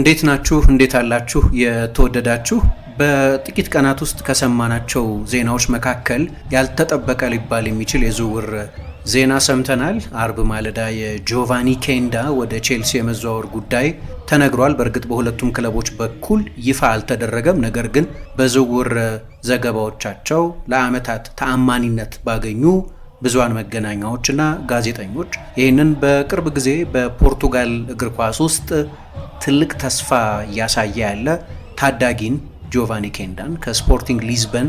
እንዴት ናችሁ? እንዴት አላችሁ? የተወደዳችሁ በጥቂት ቀናት ውስጥ ከሰማናቸው ዜናዎች መካከል ያልተጠበቀ ሊባል የሚችል የዝውውር ዜና ሰምተናል። አርብ ማለዳ የጆቫኒ ኬንዳ ወደ ቼልሲ የመዘዋወር ጉዳይ ተነግሯል። በእርግጥ በሁለቱም ክለቦች በኩል ይፋ አልተደረገም። ነገር ግን በዝውውር ዘገባዎቻቸው ለዓመታት ተአማኒነት ባገኙ ብዙሃን መገናኛዎችና ጋዜጠኞች ይህንን በቅርብ ጊዜ በፖርቱጋል እግር ኳስ ውስጥ ትልቅ ተስፋ እያሳየ ያለ ታዳጊን ጆቫኒ ኬንዳን ከስፖርቲንግ ሊዝበን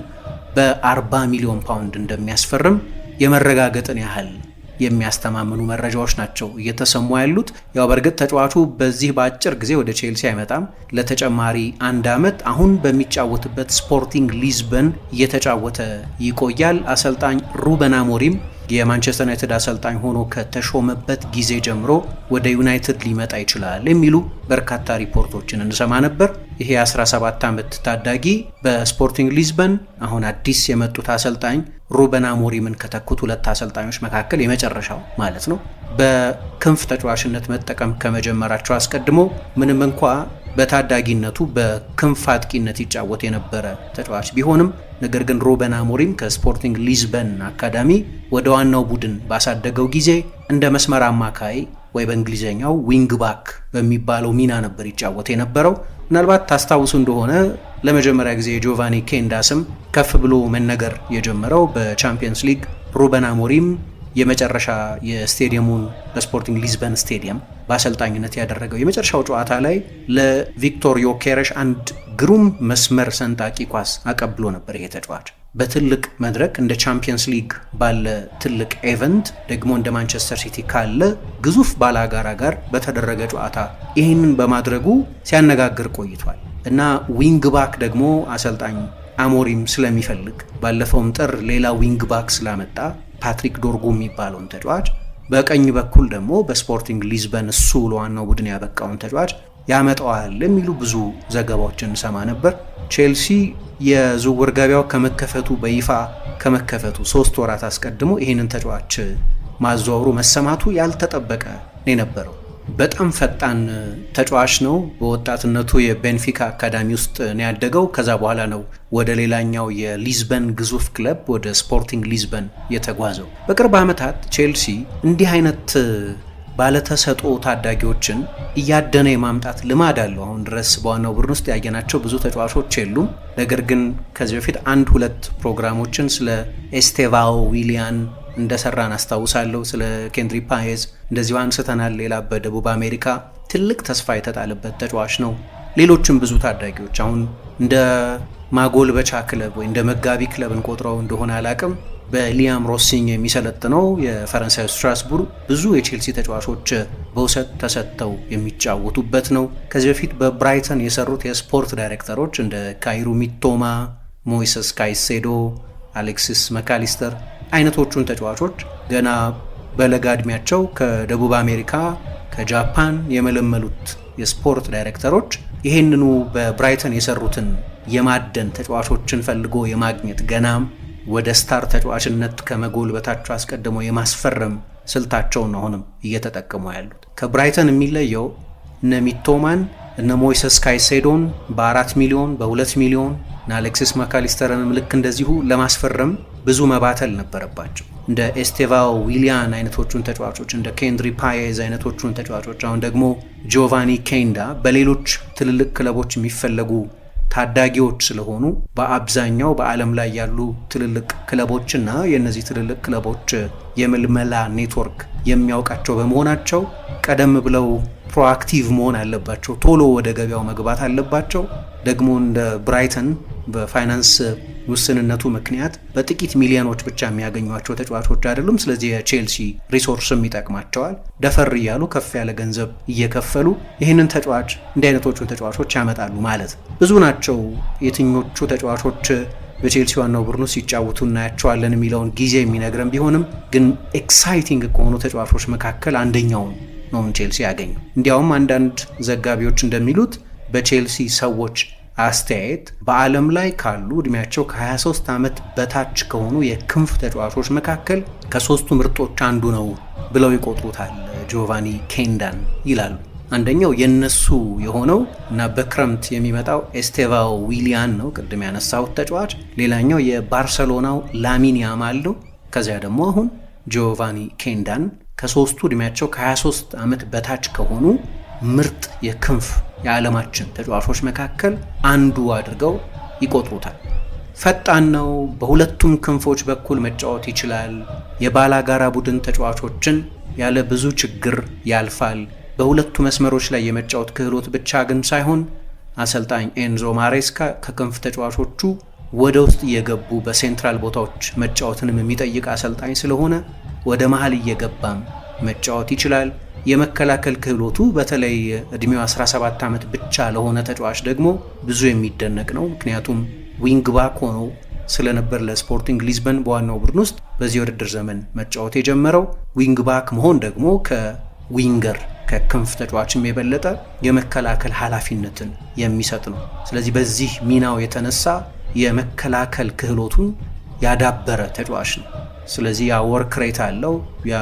በ40 ሚሊዮን ፓውንድ እንደሚያስፈርም የመረጋገጥን ያህል የሚያስተማምኑ መረጃዎች ናቸው እየተሰሙ ያሉት። ያው በእርግጥ ተጫዋቹ በዚህ በአጭር ጊዜ ወደ ቼልሲ አይመጣም። ለተጨማሪ አንድ ዓመት አሁን በሚጫወትበት ስፖርቲንግ ሊዝበን እየተጫወተ ይቆያል። አሰልጣኝ ሩበን አሞሪም የማንቸስተር ዩናይትድ አሰልጣኝ ሆኖ ከተሾመበት ጊዜ ጀምሮ ወደ ዩናይትድ ሊመጣ ይችላል የሚሉ በርካታ ሪፖርቶችን እንሰማ ነበር። ይሄ 17 ዓመት ታዳጊ በስፖርቲንግ ሊዝበን አሁን አዲስ የመጡት አሰልጣኝ ሩበን አሞሪምን ከተኩት ሁለት አሰልጣኞች መካከል የመጨረሻው ማለት ነው። በክንፍ ተጫዋችነት መጠቀም ከመጀመራቸው አስቀድሞ ምንም እንኳ በታዳጊነቱ በክንፍ አጥቂነት ይጫወት የነበረ ተጫዋች ቢሆንም ነገር ግን ሩበን አሞሪም ከስፖርቲንግ ሊዝበን አካዳሚ ወደ ዋናው ቡድን ባሳደገው ጊዜ እንደ መስመር አማካይ ወይ በእንግሊዝኛው ዊንግ ባክ በሚባለው ሚና ነበር ይጫወት የነበረው። ምናልባት ታስታውሱ እንደሆነ ለመጀመሪያ ጊዜ የጆቫኒ ኬንዳ ስም ከፍ ብሎ መነገር የጀመረው በቻምፒየንስ ሊግ ሩበን አሞሪም የመጨረሻ የስቴዲየሙን በስፖርቲንግ ሊዝበን ስቴዲየም በአሰልጣኝነት ያደረገው የመጨረሻው ጨዋታ ላይ ለቪክቶር ዮኬረሽ አንድ ግሩም መስመር ሰንጣቂ ኳስ አቀብሎ ነበር ይሄ ተጫዋች። በትልቅ መድረክ እንደ ቻምፒየንስ ሊግ ባለ ትልቅ ኤቨንት ደግሞ እንደ ማንቸስተር ሲቲ ካለ ግዙፍ ባላጋራ ጋር በተደረገ ጨዋታ ይህንን በማድረጉ ሲያነጋግር ቆይቷል እና ዊንግ ባክ ደግሞ አሰልጣኝ አሞሪም ስለሚፈልግ ባለፈውም ጥር ሌላ ዊንግ ባክ ስላመጣ ፓትሪክ ዶርጉ የሚባለውን ተጫዋች በቀኝ በኩል ደግሞ በስፖርቲንግ ሊዝበን እሱ ለዋናው ቡድን ያበቃውን ተጫዋች ያመጣዋል የሚሉ ብዙ ዘገባዎችን እንሰማ ነበር። ቼልሲ የዝውውር ገበያው ከመከፈቱ በይፋ ከመከፈቱ ሶስት ወራት አስቀድሞ ይህንን ተጫዋች ማዘዋወሩ መሰማቱ ያልተጠበቀ ነው የነበረው። በጣም ፈጣን ተጫዋች ነው። በወጣትነቱ የቤንፊካ አካዳሚ ውስጥ ነው ያደገው። ከዛ በኋላ ነው ወደ ሌላኛው የሊዝበን ግዙፍ ክለብ ወደ ስፖርቲንግ ሊዝበን የተጓዘው። በቅርብ ዓመታት ቼልሲ እንዲህ አይነት ባለተሰጦ ታዳጊዎችን እያደነ የማምጣት ልማድ አለው። አሁን ድረስ በዋናው ቡድን ውስጥ ያየናቸው ብዙ ተጫዋቾች የሉም። ነገር ግን ከዚህ በፊት አንድ ሁለት ፕሮግራሞችን ስለ ኤስቴቫኦ ዊሊያን እንደሰራን አስታውሳለሁ። ስለ ኬንድሪ ፓየዝ እንደዚሁ አንስተናል። ሌላ በደቡብ አሜሪካ ትልቅ ተስፋ የተጣለበት ተጫዋች ነው። ሌሎችም ብዙ ታዳጊዎች አሁን እንደ ማጎልበቻ ክለብ ወይ እንደ መጋቢ ክለብ እንቆጥረው እንደሆነ አላቅም በሊያም ሮሲኝ የሚሰለጥነው የፈረንሳይ ስትራስቡርግ ብዙ የቼልሲ ተጫዋቾች በውሰት ተሰጥተው የሚጫወቱበት ነው። ከዚህ በፊት በብራይተን የሰሩት የስፖርት ዳይሬክተሮች እንደ ካይሩ ሚቶማ፣ ሞይሰስ ካይሴዶ፣ አሌክሲስ መካሊስተር አይነቶቹን ተጫዋቾች ገና በለጋ ዕድሜያቸው ከደቡብ አሜሪካ ከጃፓን የመለመሉት የስፖርት ዳይሬክተሮች ይህንኑ በብራይተን የሰሩትን የማደን ተጫዋቾችን ፈልጎ የማግኘት ገናም ወደ ስታር ተጫዋችነት ከመጎልበታቸው አስቀድሞ የማስፈረም ስልታቸውን አሁንም እየተጠቀሙ ያሉት። ከብራይተን የሚለየው እነ ሚቶማን እነ ሞይሰስ ካይሴዶን በአራት ሚሊዮን በሁለት ሚሊዮን እና አሌክሲስ መካሊስተርንም ልክ እንደዚሁ ለማስፈረም ብዙ መባተል ነበረባቸው። እንደ ኤስቴቫ ዊሊያን አይነቶቹን ተጫዋቾች፣ እንደ ኬንድሪ ፓየዝ አይነቶቹን ተጫዋቾች፣ አሁን ደግሞ ጆቫኒ ኬንዳ በሌሎች ትልልቅ ክለቦች የሚፈለጉ ታዳጊዎች ስለሆኑ በአብዛኛው በዓለም ላይ ያሉ ትልልቅ ክለቦችና የእነዚህ ትልልቅ ክለቦች የምልመላ ኔትወርክ የሚያውቃቸው በመሆናቸው ቀደም ብለው ፕሮአክቲቭ መሆን አለባቸው። ቶሎ ወደ ገበያው መግባት አለባቸው። ደግሞ እንደ ብራይተን በፋይናንስ ውስንነቱ ምክንያት በጥቂት ሚሊዮኖች ብቻ የሚያገኟቸው ተጫዋቾች አይደሉም። ስለዚህ የቼልሲ ሪሶርስም ይጠቅማቸዋል። ደፈር እያሉ ከፍ ያለ ገንዘብ እየከፈሉ ይህንን ተጫዋች እንዲህ አይነቶቹን ተጫዋቾች ያመጣሉ ማለት ብዙ ናቸው። የትኞቹ ተጫዋቾች በቼልሲ ዋናው ቡድኑ ሲጫወቱ እናያቸዋለን የሚለውን ጊዜ የሚነግረን ቢሆንም ግን ኤክሳይቲንግ ከሆኑ ተጫዋቾች መካከል አንደኛው ነው ቼልሲ ያገኘው። እንዲያውም አንዳንድ ዘጋቢዎች እንደሚሉት በቼልሲ ሰዎች አስተያየት በዓለም ላይ ካሉ እድሜያቸው ከ23 ዓመት በታች ከሆኑ የክንፍ ተጫዋቾች መካከል ከሶስቱ ምርጦች አንዱ ነው ብለው ይቆጥሩታል ጂዮቫኒ ኬንዳን ይላሉ። አንደኛው የነሱ የሆነው እና በክረምት የሚመጣው ኤስቴቫው ዊሊያን ነው፣ ቅድም ያነሳሁት ተጫዋች። ሌላኛው የባርሰሎናው ላሚን ያማል ነው። ከዚያ ደግሞ አሁን ጂዮቫኒ ኬንዳን ከሶስቱ እድሜያቸው ከ23 ዓመት በታች ከሆኑ ምርጥ የክንፍ የዓለማችን ተጫዋቾች መካከል አንዱ አድርገው ይቆጥሩታል። ፈጣን ነው። በሁለቱም ክንፎች በኩል መጫወት ይችላል። የባላጋራ ቡድን ተጫዋቾችን ያለ ብዙ ችግር ያልፋል። በሁለቱ መስመሮች ላይ የመጫወት ክህሎት ብቻ ግን ሳይሆን አሰልጣኝ ኤንዞ ማሬስካ ከክንፍ ተጫዋቾቹ ወደ ውስጥ እየገቡ በሴንትራል ቦታዎች መጫወትንም የሚጠይቅ አሰልጣኝ ስለሆነ ወደ መሀል እየገባም መጫወት ይችላል። የመከላከል ክህሎቱ በተለይ እድሜው 17 ዓመት ብቻ ለሆነ ተጫዋች ደግሞ ብዙ የሚደነቅ ነው። ምክንያቱም ዊንግ ባክ ሆኖ ስለነበር ለስፖርቲንግ ሊዝበን በዋናው ቡድን ውስጥ በዚህ ውድድር ዘመን መጫወት የጀመረው ዊንግ ባክ መሆን ደግሞ ከዊንገር ከክንፍ ተጫዋችም የበለጠ የመከላከል ኃላፊነትን የሚሰጥ ነው። ስለዚህ በዚህ ሚናው የተነሳ የመከላከል ክህሎቱን ያዳበረ ተጫዋች ነው። ስለዚህ ያ ወርክ ሬት አለው፣ ያ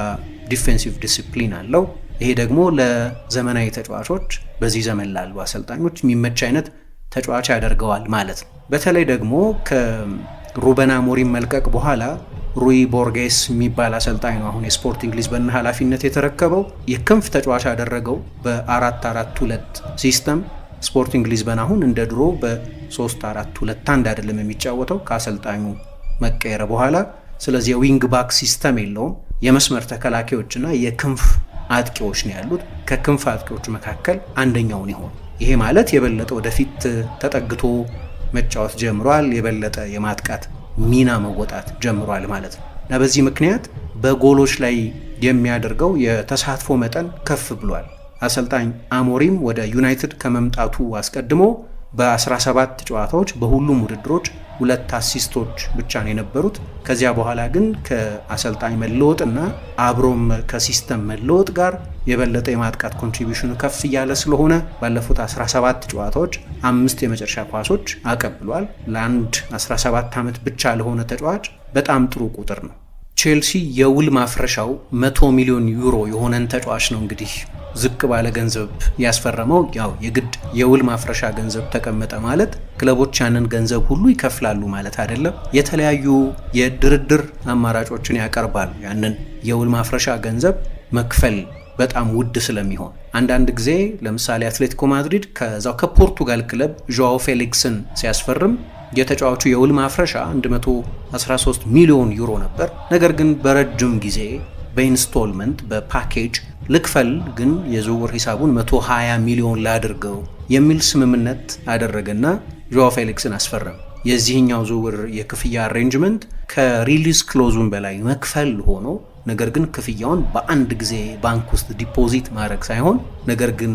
ዲፌንሲቭ ዲስፕሊን አለው። ይሄ ደግሞ ለዘመናዊ ተጫዋቾች በዚህ ዘመን ላሉ አሰልጣኞች የሚመች አይነት ተጫዋች ያደርገዋል ማለት ነው። በተለይ ደግሞ ከሩበን አሞሪም መልቀቅ በኋላ ሩይ ቦርጌስ የሚባል አሰልጣኝ ነው አሁን የስፖርቲንግ ሊዝበን ኃላፊነት የተረከበው። የክንፍ ተጫዋች ያደረገው በአራት 442 ሁለት ሲስተም ስፖርቲንግ ሊዝበን አሁን እንደ ድሮ በ አራት አንድ አይደለም የሚጫወተው ከአሰልጣኙ መቀየር በኋላ። ስለዚህ የዊንግ ባክ ሲስተም የለውም። የመስመር ተከላካዮችና የክንፍ አጥቂዎች ነው ያሉት። ከክንፍ አጥቂዎች መካከል አንደኛውን ይሆን። ይሄ ማለት የበለጠ ወደፊት ተጠግቶ መጫወት ጀምሯል፣ የበለጠ የማጥቃት ሚና መወጣት ጀምሯል ማለት ነው እና በዚህ ምክንያት በጎሎች ላይ የሚያደርገው የተሳትፎ መጠን ከፍ ብሏል። አሰልጣኝ አሞሪም ወደ ዩናይትድ ከመምጣቱ አስቀድሞ በ17 ጨዋታዎች በሁሉም ውድድሮች ሁለት አሲስቶች ብቻ ነው የነበሩት። ከዚያ በኋላ ግን ከአሰልጣኝ መለወጥና አብሮም ከሲስተም መለወጥ ጋር የበለጠ የማጥቃት ኮንትሪቢሽኑ ከፍ እያለ ስለሆነ ባለፉት 17 ጨዋታዎች አምስት የመጨረሻ ኳሶች አቀብሏል። ለአንድ 17 ዓመት ብቻ ለሆነ ተጫዋች በጣም ጥሩ ቁጥር ነው። ቼልሲ የውል ማፍረሻው 100 ሚሊዮን ዩሮ የሆነን ተጫዋች ነው እንግዲህ ዝቅ ባለ ገንዘብ ያስፈረመው ያው የግድ የውል ማፍረሻ ገንዘብ ተቀመጠ ማለት ክለቦች ያንን ገንዘብ ሁሉ ይከፍላሉ ማለት አይደለም። የተለያዩ የድርድር አማራጮችን ያቀርባሉ። ያንን የውል ማፍረሻ ገንዘብ መክፈል በጣም ውድ ስለሚሆን አንዳንድ ጊዜ ለምሳሌ አትሌቲኮ ማድሪድ ከዛው ከፖርቱጋል ክለብ ዣኦ ፌሊክስን ሲያስፈርም የተጫዋቹ የውል ማፍረሻ 113 ሚሊዮን ዩሮ ነበር። ነገር ግን በረጅም ጊዜ በኢንስቶልመንት በፓኬጅ ልክፈል ግን የዝውውር ሂሳቡን 120 ሚሊዮን ላድርገው የሚል ስምምነት አደረገና ጆዋ ፌሊክስን አስፈረም። የዚህኛው ዝውውር የክፍያ አሬንጅመንት ከሪሊስ ክሎዙን በላይ መክፈል ሆኖ ነገር ግን ክፍያውን በአንድ ጊዜ ባንክ ውስጥ ዲፖዚት ማድረግ ሳይሆን ነገር ግን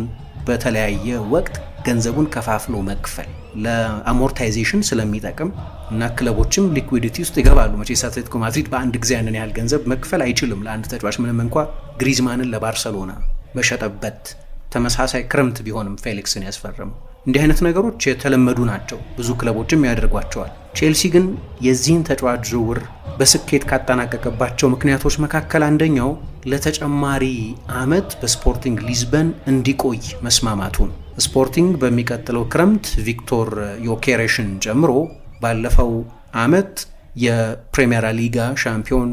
በተለያየ ወቅት ገንዘቡን ከፋፍሎ መክፈል ለአሞርታይዜሽን ስለሚጠቅም እና ክለቦችም ሊኩዊዲቲ ውስጥ ይገባሉ። መቼስ አትሌቲኮ ማድሪድ በአንድ ጊዜ ያንን ያህል ገንዘብ መክፈል አይችልም ለአንድ ተጫዋች ምንም እንኳ ግሪዝማንን ለባርሰሎና በሸጠበት ተመሳሳይ ክረምት ቢሆንም ፌሊክስን ያስፈረሙ እንዲህ አይነት ነገሮች የተለመዱ ናቸው። ብዙ ክለቦችም ያደርጓቸዋል። ቼልሲ ግን የዚህን ተጫዋች ዝውውር በስኬት ካጠናቀቀባቸው ምክንያቶች መካከል አንደኛው ለተጨማሪ ዓመት በስፖርቲንግ ሊዝበን እንዲቆይ መስማማቱ ስፖርቲንግ በሚቀጥለው ክረምት ቪክቶር ዮኬሬሽን ጨምሮ ባለፈው ዓመት የፕሪሜራ ሊጋ ሻምፒዮን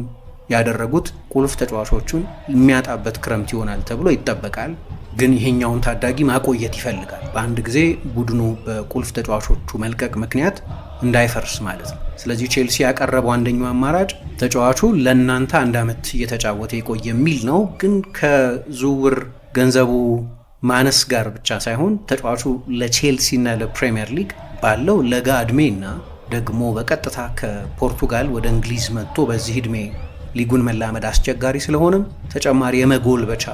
ያደረጉት ቁልፍ ተጫዋቾቹን የሚያጣበት ክረምት ይሆናል ተብሎ ይጠበቃል። ግን ይሄኛውን ታዳጊ ማቆየት ይፈልጋል። በአንድ ጊዜ ቡድኑ በቁልፍ ተጫዋቾቹ መልቀቅ ምክንያት እንዳይፈርስ ማለት ነው። ስለዚህ ቼልሲ ያቀረበው አንደኛው አማራጭ ተጫዋቹ ለእናንተ አንድ ዓመት እየተጫወተ ይቆይ የሚል ነው። ግን ከዝውውር ገንዘቡ ማነስ ጋር ብቻ ሳይሆን ተጫዋቹ ለቼልሲና ለፕሪምየር ሊግ ባለው ለጋ እድሜና ደግሞ በቀጥታ ከፖርቱጋል ወደ እንግሊዝ መጥቶ በዚህ እድሜ ሊጉን መላመድ አስቸጋሪ ስለሆነም ተጨማሪ የመጎልበቻ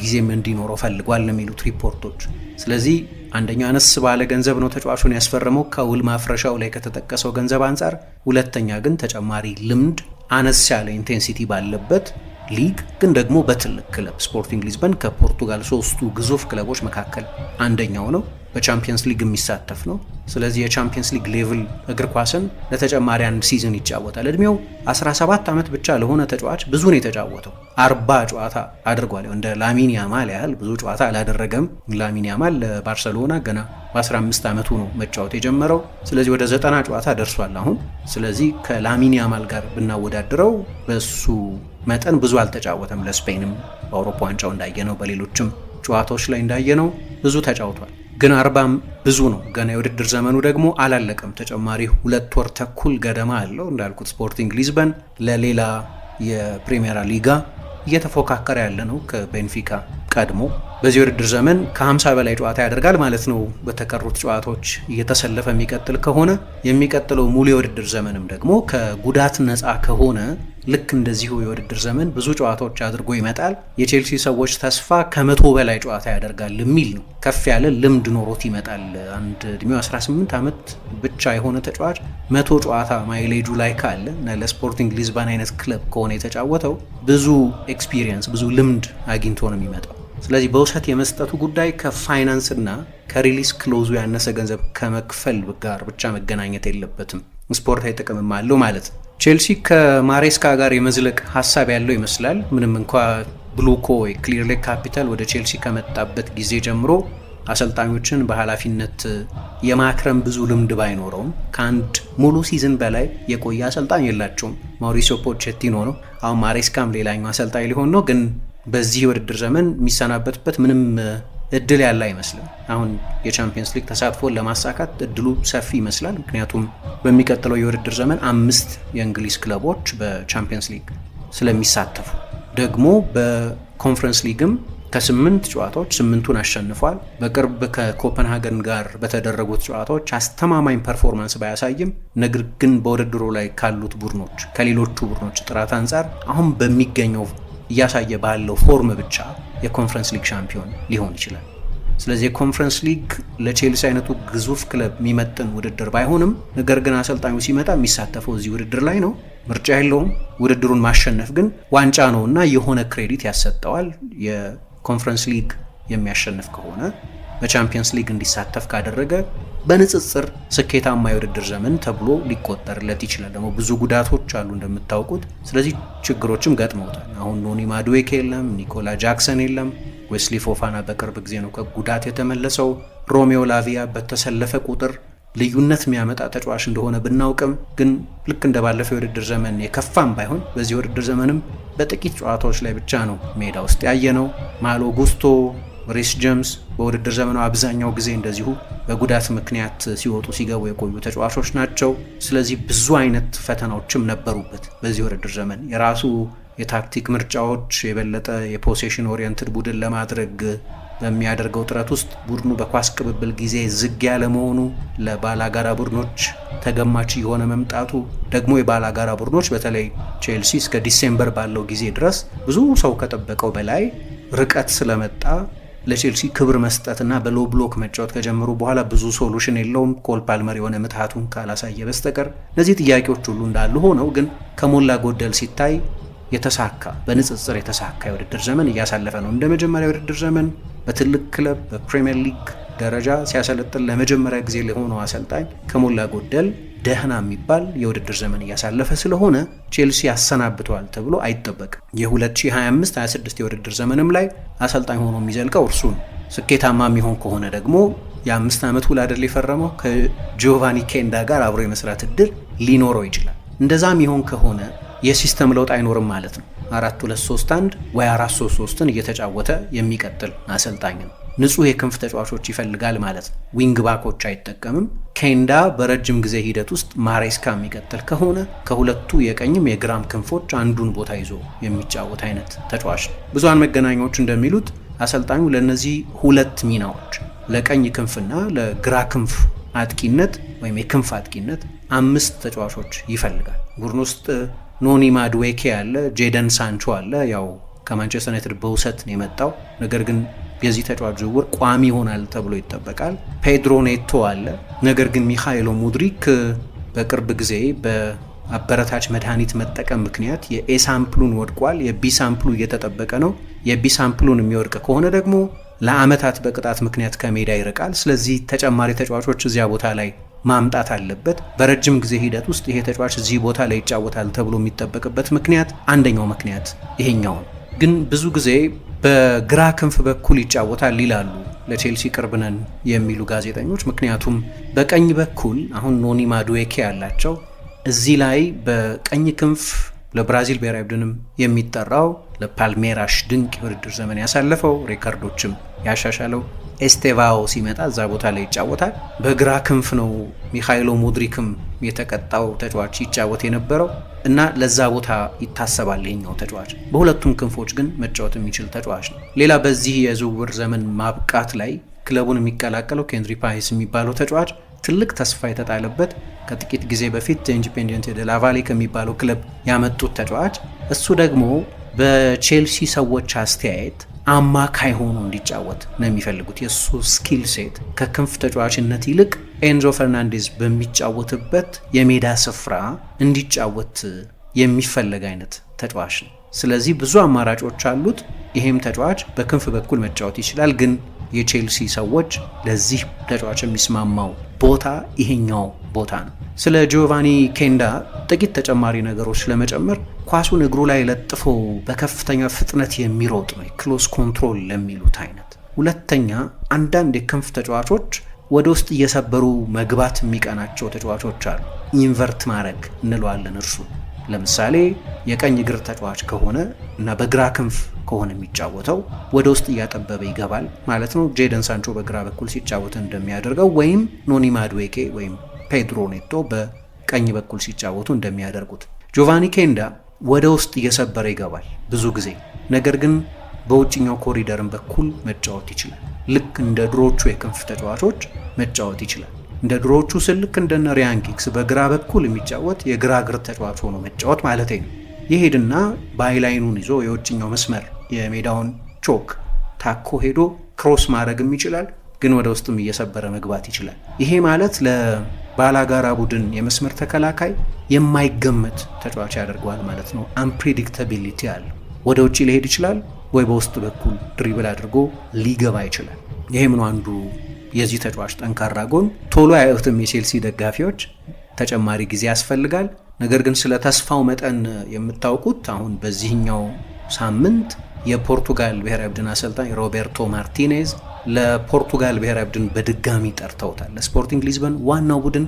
ጊዜም እንዲኖረው ፈልጓል ነው የሚሉት ሪፖርቶች። ስለዚህ አንደኛ አነስ ባለ ገንዘብ ነው ተጫዋቹን ያስፈረመው ከውል ማፍረሻው ላይ ከተጠቀሰው ገንዘብ አንጻር፣ ሁለተኛ ግን ተጨማሪ ልምድ አነስ ያለ ኢንቴንሲቲ ባለበት ሊግ ግን ደግሞ በትልቅ ክለብ ስፖርቲንግ ሊዝበን ከፖርቱጋል ሶስቱ ግዙፍ ክለቦች መካከል አንደኛው ነው። በቻምፒየንስ ሊግ የሚሳተፍ ነው። ስለዚህ የቻምፒየንስ ሊግ ሌቭል እግር ኳስን ለተጨማሪ አንድ ሲዝን ይጫወታል። እድሜው 17 ዓመት ብቻ ለሆነ ተጫዋች ብዙ ነው የተጫወተው። አርባ ጨዋታ አድርጓል። እንደ ላሚን ያማል ያህል ብዙ ጨዋታ አላደረገም። ላሚን ያማል ለባርሰሎና ገና በ15 ዓመቱ ነው መጫወት የጀመረው። ስለዚህ ወደ ዘጠና ጨዋታ ደርሷል አሁን። ስለዚህ ከላሚን ያማል ጋር ብናወዳድረው በሱ መጠን ብዙ አልተጫወተም። ለስፔንም በአውሮፓ ዋንጫው እንዳየነው በሌሎችም ጨዋታዎች ላይ እንዳየነው ብዙ ተጫውቷል። ግን አርባም ብዙ ነው። ገና የውድድር ዘመኑ ደግሞ አላለቀም። ተጨማሪ ሁለት ወር ተኩል ገደማ አለው። እንዳልኩት ስፖርቲንግ ሊዝበን ለሌላ የፕሪሚየራ ሊጋ እየተፎካከረ ያለ ነው ከቤንፊካ ቀድሞ በዚህ ውድድር ዘመን ከ50 በላይ ጨዋታ ያደርጋል ማለት ነው። በተቀሩት ጨዋታዎች እየተሰለፈ የሚቀጥል ከሆነ የሚቀጥለው ሙሉ የውድድር ዘመንም ደግሞ ከጉዳት ነፃ ከሆነ ልክ እንደዚሁ የውድድር ዘመን ብዙ ጨዋታዎች አድርጎ ይመጣል። የቼልሲ ሰዎች ተስፋ ከመቶ በላይ ጨዋታ ያደርጋል የሚል ነው። ከፍ ያለ ልምድ ኖሮት ይመጣል። አንድ እድሜው 18 ዓመት ብቻ የሆነ ተጫዋች መቶ ጨዋታ ማይሌጁ ላይ ካለ እና ለስፖርቲንግ ሊዝባን አይነት ክለብ ከሆነ የተጫወተው ብዙ ኤክስፒሪየንስ ብዙ ልምድ አግኝቶ ነው የሚመጣው። ስለዚህ በውሰት የመስጠቱ ጉዳይ ከፋይናንስና ከሪሊስ ክሎዙ ያነሰ ገንዘብ ከመክፈል ጋር ብቻ መገናኘት የለበትም። ስፖርታዊ ጥቅምም አለው ማለት ነው። ቼልሲ ከማሬስካ ጋር የመዝለቅ ሀሳብ ያለው ይመስላል። ምንም እንኳ ብሉኮ የክሊር ካፒታል ወደ ቼልሲ ከመጣበት ጊዜ ጀምሮ አሰልጣኞችን በኃላፊነት የማክረም ብዙ ልምድ ባይኖረውም ከአንድ ሙሉ ሲዝን በላይ የቆየ አሰልጣኝ የላቸውም። ማውሪሲዮ ፖቼቲኖ ነው። አሁን ማሬስካም ሌላኛው አሰልጣኝ ሊሆን ነው። ግን በዚህ የውድድር ዘመን የሚሰናበትበት ምንም እድል ያለ አይመስልም። አሁን የቻምፒየንስ ሊግ ተሳትፎን ለማሳካት እድሉ ሰፊ ይመስላል። ምክንያቱም በሚቀጥለው የውድድር ዘመን አምስት የእንግሊዝ ክለቦች በቻምፒየንስ ሊግ ስለሚሳተፉ ደግሞ በኮንፈረንስ ሊግም ከስምንት ጨዋታዎች ስምንቱን አሸንፏል። በቅርብ ከኮፐንሃገን ጋር በተደረጉት ጨዋታዎች አስተማማኝ ፐርፎርማንስ ባያሳይም፣ ነገር ግን በውድድሩ ላይ ካሉት ቡድኖች ከሌሎቹ ቡድኖች ጥራት አንጻር አሁን በሚገኘው እያሳየ ባለው ፎርም ብቻ የኮንፈረንስ ሊግ ሻምፒዮን ሊሆን ይችላል። ስለዚህ የኮንፈረንስ ሊግ ለቼልሲ አይነቱ ግዙፍ ክለብ የሚመጥን ውድድር ባይሆንም፣ ነገር ግን አሰልጣኙ ሲመጣ የሚሳተፈው እዚህ ውድድር ላይ ነው። ምርጫ የለውም። ውድድሩን ማሸነፍ ግን ዋንጫ ነው እና የሆነ ክሬዲት ያሰጠዋል። የኮንፈረንስ ሊግ የሚያሸንፍ ከሆነ በቻምፒየንስ ሊግ እንዲሳተፍ ካደረገ በንጽጽር ስኬታማ የውድድር ዘመን ተብሎ ሊቆጠርለት ይችላል። ደግሞ ብዙ ጉዳቶች አሉ እንደምታውቁት። ስለዚህ ችግሮችም ገጥመውታል። አሁን ኖኒ ማድዌክ የለም፣ ኒኮላ ጃክሰን የለም፣ ዌስሊ ፎፋና በቅርብ ጊዜ ነው ከጉዳት የተመለሰው። ሮሜዮ ላቪያ በተሰለፈ ቁጥር ልዩነት የሚያመጣ ተጫዋች እንደሆነ ብናውቅም ግን ልክ እንደ ባለፈው የውድድር ዘመን የከፋም ባይሆን በዚህ የውድድር ዘመንም በጥቂት ጨዋታዎች ላይ ብቻ ነው ሜዳ ውስጥ ያየ ነው። ማሎ ጉስቶ ሪስ ጀምስ በውድድር ዘመኑ አብዛኛው ጊዜ እንደዚሁ በጉዳት ምክንያት ሲወጡ ሲገቡ የቆዩ ተጫዋቾች ናቸው። ስለዚህ ብዙ አይነት ፈተናዎችም ነበሩበት በዚህ ውድድር ዘመን የራሱ የታክቲክ ምርጫዎች የበለጠ የፖሴሽን ኦሪየንትድ ቡድን ለማድረግ በሚያደርገው ጥረት ውስጥ ቡድኑ በኳስ ቅብብል ጊዜ ዝግ ያለ መሆኑ ለባላጋራ ቡድኖች ተገማች የሆነ መምጣቱ ደግሞ የባላጋራ ቡድኖች በተለይ ቼልሲ እስከ ዲሴምበር ባለው ጊዜ ድረስ ብዙ ሰው ከጠበቀው በላይ ርቀት ስለመጣ ለቼልሲ ክብር መስጠትና በሎ ብሎክ መጫወት ከጀመሩ በኋላ ብዙ ሶሉሽን የለውም ኮል ፓልመር የሆነ ምትሃቱን ካላሳየ በስተቀር። እነዚህ ጥያቄዎች ሁሉ እንዳሉ ሆነው ግን ከሞላ ጎደል ሲታይ የተሳካ በንጽጽር የተሳካ የውድድር ዘመን እያሳለፈ ነው። እንደ መጀመሪያ የውድድር ዘመን በትልቅ ክለብ በፕሪምየር ሊግ ደረጃ ሲያሰለጥን ለመጀመሪያ ጊዜ ለሆነው አሰልጣኝ ከሞላ ጎደል ደህና የሚባል የውድድር ዘመን እያሳለፈ ስለሆነ ቼልሲ ያሰናብተዋል ተብሎ አይጠበቅም። የ2025/26 የውድድር ዘመንም ላይ አሰልጣኝ ሆኖ የሚዘልቀው እርሱ ነው። ስኬታማ የሚሆን ከሆነ ደግሞ የአምስት ዓመት ውል አይደል የፈረመው ከጂዮቫኒ ኬንዳ ጋር አብሮ የመስራት እድል ሊኖረው ይችላል። እንደዛ ይሆን ከሆነ የሲስተም ለውጥ አይኖርም ማለት ነው። አራት ሁለት ሶስት አንድ ወይ አራት ሶስት ሶስትን እየተጫወተ የሚቀጥል አሰልጣኝ ነው። ንጹህ የክንፍ ተጫዋቾች ይፈልጋል ማለት ነው። ዊንግ ባኮች አይጠቀምም። ኬንዳ በረጅም ጊዜ ሂደት ውስጥ ማሬስካ የሚቀጥል ከሆነ ከሁለቱ የቀኝም የግራም ክንፎች አንዱን ቦታ ይዞ የሚጫወት አይነት ተጫዋች ነው። ብዙሃን መገናኛዎች እንደሚሉት አሰልጣኙ ለእነዚህ ሁለት ሚናዎች ለቀኝ ክንፍና ለግራ ክንፍ አጥቂነት ወይም የክንፍ አጥቂነት አምስት ተጫዋቾች ይፈልጋል ቡድን ውስጥ ኖኒ ማድዌኬ አለ፣ ጄደን ሳንቾ አለ። ያው ከማንቸስተር ዩናይትድ በውሰት ነው የመጣው፣ ነገር ግን የዚህ ተጫዋች ዝውውር ቋሚ ይሆናል ተብሎ ይጠበቃል። ፔድሮ ኔቶ አለ፣ ነገር ግን ሚካኤሎ ሙድሪክ በቅርብ ጊዜ በአበረታች መድኃኒት መጠቀም ምክንያት የኤሳምፕሉን ወድቋል። የቢሳምፕሉ እየተጠበቀ ነው። የቢሳምፕሉን የሚወድቅ ከሆነ ደግሞ ለአመታት በቅጣት ምክንያት ከሜዳ ይርቃል። ስለዚህ ተጨማሪ ተጫዋቾች እዚያ ቦታ ላይ ማምጣት አለበት። በረጅም ጊዜ ሂደት ውስጥ ይሄ ተጫዋች እዚህ ቦታ ላይ ይጫወታል ተብሎ የሚጠበቅበት ምክንያት አንደኛው ምክንያት ይሄኛው ነው። ግን ብዙ ጊዜ በግራ ክንፍ በኩል ይጫወታል ይላሉ ለቼልሲ ቅርብ ነን የሚሉ ጋዜጠኞች። ምክንያቱም በቀኝ በኩል አሁን ኖኒ ማዱዌኬ ያላቸው እዚህ ላይ በቀኝ ክንፍ ለብራዚል ብሔራዊ ቡድንም የሚጠራው ለፓልሜራሽ ድንቅ የውድድር ዘመን ያሳለፈው ሪከርዶችም ያሻሻለው ኤስቴቫኦ ሲመጣ እዛ ቦታ ላይ ይጫወታል። በግራ ክንፍ ነው ሚካይሎ ሙድሪክም የተቀጣው ተጫዋች ይጫወት የነበረው እና ለዛ ቦታ ይታሰባል የኛው ተጫዋች። በሁለቱም ክንፎች ግን መጫወት የሚችል ተጫዋች ነው። ሌላ በዚህ የዝውውር ዘመን ማብቃት ላይ ክለቡን የሚቀላቀለው ኬንድሪ ፓይስ የሚባለው ተጫዋች ትልቅ ተስፋ የተጣለበት ከጥቂት ጊዜ በፊት ኢንዲፔንደንት ዴላቫሌ ከሚባለው ክለብ ያመጡት ተጫዋች እሱ ደግሞ በቼልሲ ሰዎች አስተያየት አማካይ ሆኖ እንዲጫወት ነው የሚፈልጉት። የእሱ ስኪል ሴት ከክንፍ ተጫዋችነት ይልቅ ኤንዞ ፈርናንዴዝ በሚጫወትበት የሜዳ ስፍራ እንዲጫወት የሚፈለግ አይነት ተጫዋች ነው። ስለዚህ ብዙ አማራጮች አሉት። ይሄም ተጫዋች በክንፍ በኩል መጫወት ይችላል። ግን የቼልሲ ሰዎች ለዚህ ተጫዋች የሚስማማው ቦታ ይሄኛው ቦታ ነው። ስለ ጂዮቫኒ ኬንዳ ጥቂት ተጨማሪ ነገሮች ለመጨመር ኳሱን እግሩ ላይ ለጥፎ በከፍተኛ ፍጥነት የሚሮጥ ነው፣ ክሎስ ኮንትሮል ለሚሉት አይነት። ሁለተኛ አንዳንድ የክንፍ ተጫዋቾች ወደ ውስጥ እየሰበሩ መግባት የሚቀናቸው ተጫዋቾች አሉ። ኢንቨርት ማድረግ እንለዋለን። እርሱ ለምሳሌ የቀኝ እግር ተጫዋች ከሆነ እና በግራ ክንፍ ከሆነ የሚጫወተው ወደ ውስጥ እያጠበበ ይገባል ማለት ነው። ጄደን ሳንቾ በግራ በኩል ሲጫወት እንደሚያደርገው ወይም ኖኒ ማድዌቄ ወይም ፔድሮ ኔቶ በቀኝ በኩል ሲጫወቱ እንደሚያደርጉት ጆቫኒ ኬንዳ ወደ ውስጥ እየሰበረ ይገባል ብዙ ጊዜ። ነገር ግን በውጭኛው ኮሪደርን በኩል መጫወት ይችላል። ልክ እንደ ድሮቹ የክንፍ ተጫዋቾች መጫወት ይችላል። እንደ ድሮቹ ስል ልክ እንደነ ሪያንጊክስ በግራ በኩል የሚጫወት የግራ እግር ተጫዋች ሆኖ መጫወት ማለት ነው። ይሄድና ባይላይኑን ይዞ የውጭኛው መስመር የሜዳውን ቾክ ታኮ ሄዶ ክሮስ ማድረግም ይችላል፣ ግን ወደ ውስጥም እየሰበረ መግባት ይችላል። ይሄ ማለት ለ ባላጋራ ቡድን የመስመር ተከላካይ የማይገመት ተጫዋች ያደርገዋል ማለት ነው። አንፕሬዲክታቢሊቲ አለ። ወደ ውጭ ሊሄድ ይችላል ወይ በውስጥ በኩል ድሪብል አድርጎ ሊገባ ይችላል። ይሄም ነው አንዱ የዚህ ተጫዋች ጠንካራ ጎን። ቶሎ አያዩትም የቼልሲ ደጋፊዎች። ተጨማሪ ጊዜ ያስፈልጋል። ነገር ግን ስለ ተስፋው መጠን የምታውቁት አሁን በዚህኛው ሳምንት የፖርቱጋል ብሔራዊ ቡድን አሰልጣኝ ሮቤርቶ ማርቲኔዝ ለፖርቱጋል ብሔራዊ ቡድን በድጋሚ ጠርተውታል። ለስፖርቲንግ ሊዝበን ዋናው ቡድን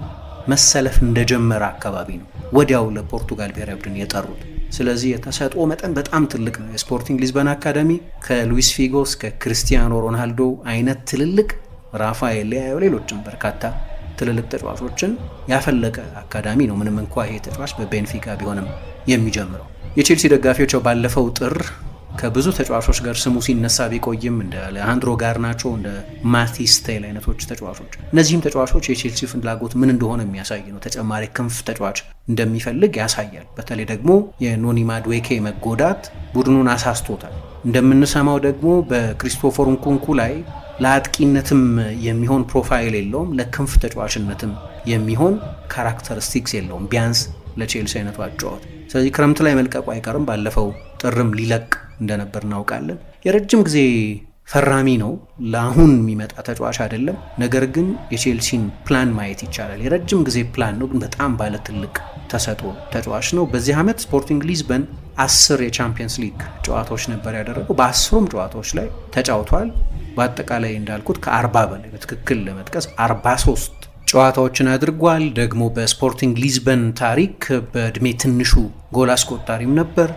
መሰለፍ እንደጀመረ አካባቢ ነው ወዲያው ለፖርቱጋል ብሔራዊ ቡድን የጠሩት። ስለዚህ የተሰጥኦ መጠን በጣም ትልቅ ነው። የስፖርቲንግ ሊዝበን አካዳሚ ከሉዊስ ፊጎ እስከ ክርስቲያኖ ሮናልዶ አይነት ትልልቅ ራፋኤል ሊያዮ፣ ሌሎችም በርካታ ትልልቅ ተጫዋቾችን ያፈለቀ አካዳሚ ነው። ምንም እንኳ ይሄ ተጫዋች በቤንፊካ ቢሆንም የሚጀምረው የቼልሲ ደጋፊዎች ባለፈው ጥር ከብዙ ተጫዋቾች ጋር ስሙ ሲነሳ ቢቆይም እንደ አሌሃንድሮ ጋርናቾ፣ እንደ ማቲስ ቴል አይነቶች ተጫዋቾች እነዚህም ተጫዋቾች የቼልሲ ፍላጎት ምን እንደሆነ የሚያሳይ ነው። ተጨማሪ ክንፍ ተጫዋች እንደሚፈልግ ያሳያል። በተለይ ደግሞ የኖኒ ማድዌኬ መጎዳት ቡድኑን አሳስቶታል። እንደምንሰማው ደግሞ በክሪስቶፈር ንኩንኩ ላይ ለአጥቂነትም የሚሆን ፕሮፋይል የለውም፣ ለክንፍ ተጫዋችነትም የሚሆን ካራክተሪስቲክስ የለውም ቢያንስ ለቼልሲ አይነቱ አጫወት። ስለዚህ ክረምት ላይ መልቀቁ አይቀርም፣ ባለፈው ጥርም ሊለቅ እንደነበር እናውቃለን። የረጅም ጊዜ ፈራሚ ነው። ለአሁን የሚመጣ ተጫዋች አይደለም። ነገር ግን የቼልሲን ፕላን ማየት ይቻላል። የረጅም ጊዜ ፕላን ነው፣ ግን በጣም ባለ ትልቅ ተሰጥኦ ተጫዋች ነው። በዚህ ዓመት ስፖርቲንግ ሊዝበን አስር የቻምፒየንስ ሊግ ጨዋታዎች ነበር ያደረገው። በአስሩም ጨዋታዎች ላይ ተጫውቷል። በአጠቃላይ እንዳልኩት ከአርባ በላይ በትክክል ለመጥቀስ አርባ ሶስት ጨዋታዎችን አድርጓል። ደግሞ በስፖርቲንግ ሊዝበን ታሪክ በእድሜ ትንሹ ጎል አስቆጣሪም ነበር።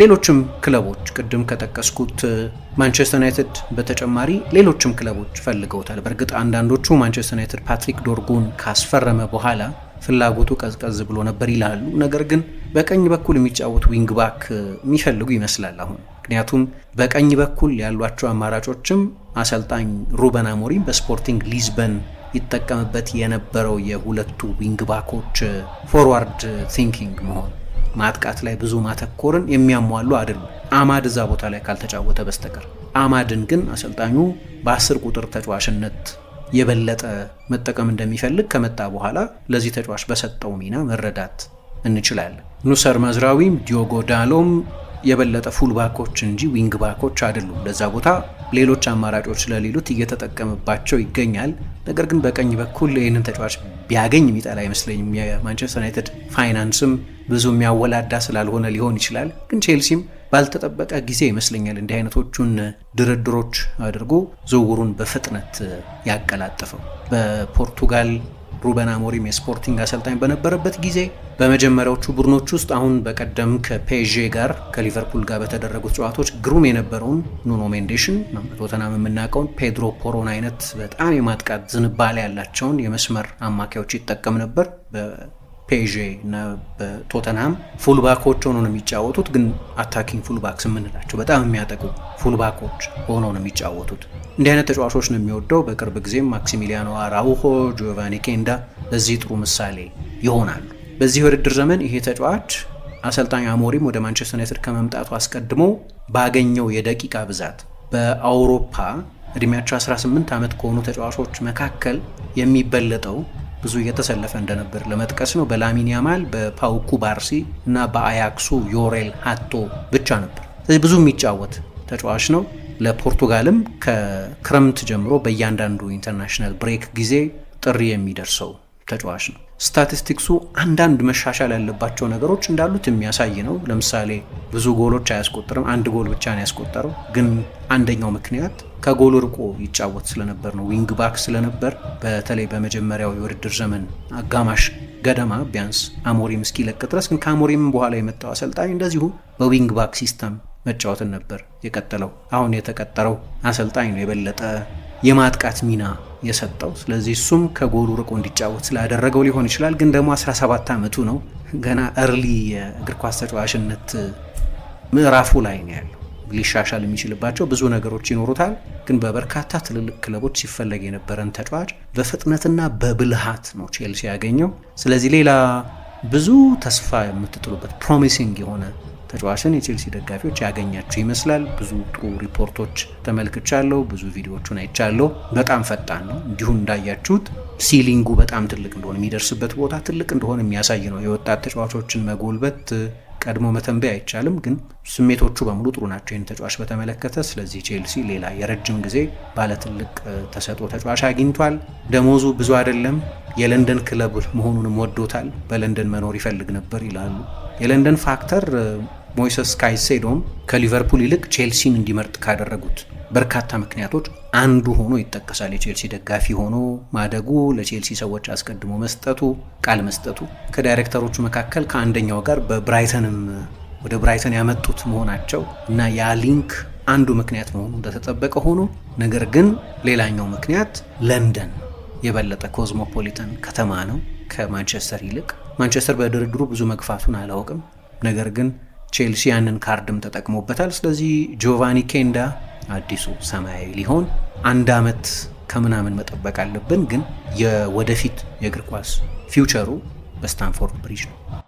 ሌሎችም ክለቦች ቅድም ከጠቀስኩት ማንቸስተር ዩናይትድ በተጨማሪ ሌሎችም ክለቦች ፈልገውታል። በእርግጥ አንዳንዶቹ ማንቸስተር ዩናይትድ ፓትሪክ ዶርጉን ካስፈረመ በኋላ ፍላጎቱ ቀዝቀዝ ብሎ ነበር ይላሉ። ነገር ግን በቀኝ በኩል የሚጫወት ዊንግ ባክ የሚፈልጉ ይመስላል አሁን። ምክንያቱም በቀኝ በኩል ያሏቸው አማራጮችም አሰልጣኝ ሩበን አሞሪም በስፖርቲንግ ሊዝበን ይጠቀምበት የነበረው የሁለቱ ዊንግ ባኮች ፎርዋርድ ቲንኪንግ መሆን ማጥቃት ላይ ብዙ ማተኮርን የሚያሟሉ አይደሉም፣ አማድ እዛ ቦታ ላይ ካልተጫወተ በስተቀር። አማድን ግን አሰልጣኙ በአስር ቁጥር ተጫዋችነት የበለጠ መጠቀም እንደሚፈልግ ከመጣ በኋላ ለዚህ ተጫዋች በሰጠው ሚና መረዳት እንችላለን። ኑሰር መዝራዊም ዲዮጎ ዳሎም የበለጠ ፉልባኮች እንጂ ዊንግ ባኮች አይደሉም። ለዛ ቦታ ሌሎች አማራጮች ስለሌሉት እየተጠቀመባቸው ይገኛል። ነገር ግን በቀኝ በኩል ይህንን ተጫዋች ቢያገኝ የሚጠላ አይመስለኝም። የማንቸስተር ዩናይትድ ፋይናንስም ብዙ የሚያወላዳ ስላልሆነ ሊሆን ይችላል። ግን ቼልሲም ባልተጠበቀ ጊዜ ይመስለኛል እንዲህ አይነቶቹን ድርድሮች አድርጎ ዝውውሩን በፍጥነት ያቀላጠፈው። በፖርቱጋል ሩበን አሞሪም የስፖርቲንግ አሰልጣኝ በነበረበት ጊዜ በመጀመሪያዎቹ ቡድኖች ውስጥ አሁን በቀደም ከፔዤ ጋር ከሊቨርፑል ጋር በተደረጉት ጨዋታዎች ግሩም የነበረውን ኑኖ ሜንዴሽን በቶተናም የምናውቀውን ፔድሮ ፖሮን አይነት በጣም የማጥቃት ዝንባሌ ያላቸውን የመስመር አማካዮች ይጠቀም ነበር። ፔዤ እና በቶተንሃም ፉልባኮች ሆኖ ነው የሚጫወቱት፣ ግን አታኪንግ ፉልባክስ የምንላቸው በጣም የሚያጠቁ ፉልባኮች ሆኖ ነው የሚጫወቱት። እንዲህ አይነት ተጫዋቾች ነው የሚወደው። በቅርብ ጊዜም ማክሲሚሊያኖ አራውሆ፣ ጆቫኒ ኬንዳ ለዚህ ጥሩ ምሳሌ ይሆናሉ። በዚህ ውድድር ዘመን ይሄ ተጫዋች አሰልጣኝ አሞሪም ወደ ማንቸስተር ዩናይትድ ከመምጣቱ አስቀድሞ ባገኘው የደቂቃ ብዛት በአውሮፓ እድሜያቸው 18 ዓመት ከሆኑ ተጫዋቾች መካከል የሚበለጠው ብዙ እየተሰለፈ እንደነበር ለመጥቀስ ነው። በላሚን ያማል፣ በፓው ኩባርሲ እና በአያክሱ ዮሬል ሀቶ ብቻ ነበር። ስለዚህ ብዙ የሚጫወት ተጫዋች ነው። ለፖርቱጋልም ከክረምት ጀምሮ በእያንዳንዱ ኢንተርናሽናል ብሬክ ጊዜ ጥሪ የሚደርሰው ተጫዋች ነው። ስታቲስቲክሱ አንዳንድ መሻሻል ያለባቸው ነገሮች እንዳሉት የሚያሳይ ነው። ለምሳሌ ብዙ ጎሎች አያስቆጥርም፣ አንድ ጎል ብቻ ነው ያስቆጠረው። ግን አንደኛው ምክንያት ከጎል ርቆ ይጫወት ስለነበር ነው። ዊንግ ባክ ስለነበር በተለይ በመጀመሪያው የውድድር ዘመን አጋማሽ ገደማ ቢያንስ አሞሪም እስኪለቅ ድረስ ግን ከአሞሪም በኋላ የመጣው አሰልጣኝ እንደዚሁ በዊንግ ባክ ሲስተም መጫወትን ነበር የቀጠለው። አሁን የተቀጠረው አሰልጣኝ ነው የበለጠ የማጥቃት ሚና የሰጠው። ስለዚህ እሱም ከጎሉ ርቆ እንዲጫወት ስላደረገው ሊሆን ይችላል። ግን ደግሞ 17 ዓመቱ ነው። ገና እርሊ የእግር ኳስ ተጫዋችነት ምዕራፉ ላይ ነው ያለው። ሊሻሻል የሚችልባቸው ብዙ ነገሮች ይኖሩታል። ግን በበርካታ ትልልቅ ክለቦች ሲፈለግ የነበረን ተጫዋች በፍጥነትና በብልሃት ነው ቼልሲ ያገኘው። ስለዚህ ሌላ ብዙ ተስፋ የምትጥሉበት ፕሮሚሲንግ የሆነ ተጫዋችን የቼልሲ ደጋፊዎች ያገኛችሁ ይመስላል። ብዙ ጥሩ ሪፖርቶች ተመልክቻለሁ፣ ብዙ ቪዲዮዎቹን አይቻለሁ። በጣም ፈጣን ነው። እንዲሁም እንዳያችሁት ሲሊንጉ በጣም ትልቅ እንደሆነ፣ የሚደርስበት ቦታ ትልቅ እንደሆነ የሚያሳይ ነው። የወጣት ተጫዋቾችን መጎልበት ቀድሞ መተንበይ አይቻልም፣ ግን ስሜቶቹ በሙሉ ጥሩ ናቸው ይህን ተጫዋች በተመለከተ። ስለዚህ ቼልሲ ሌላ የረጅም ጊዜ ባለትልቅ ተሰጥኦ ተጫዋች አግኝቷል። ደሞዙ ብዙ አይደለም፣ የለንደን ክለብ መሆኑንም ወዶታል። በለንደን መኖር ይፈልግ ነበር ይላሉ። የለንደን ፋክተር ሞይሰስ ካይሴዶም ከሊቨርፑል ይልቅ ቼልሲን እንዲመርጥ ካደረጉት በርካታ ምክንያቶች አንዱ ሆኖ ይጠቀሳል። የቼልሲ ደጋፊ ሆኖ ማደጉ፣ ለቼልሲ ሰዎች አስቀድሞ መስጠቱ፣ ቃል መስጠቱ፣ ከዳይሬክተሮቹ መካከል ከአንደኛው ጋር በብራይተንም ወደ ብራይተን ያመጡት መሆናቸው እና ያ ሊንክ አንዱ ምክንያት መሆኑ እንደተጠበቀ ሆኖ ነገር ግን ሌላኛው ምክንያት ለንደን የበለጠ ኮዝሞፖሊታን ከተማ ነው ከማንቸስተር ይልቅ። ማንቸስተር በድርድሩ ብዙ መግፋቱን አላውቅም፣ ነገር ግን ቼልሲ ያንን ካርድም ተጠቅሞበታል። ስለዚህ ጆቫኒ ኬንዳ አዲሱ ሰማያዊ ሊሆን አንድ ዓመት ከምናምን መጠበቅ አለብን፣ ግን የወደፊት የእግር ኳስ ፊውቸሩ በስታንፎርድ ብሪጅ ነው።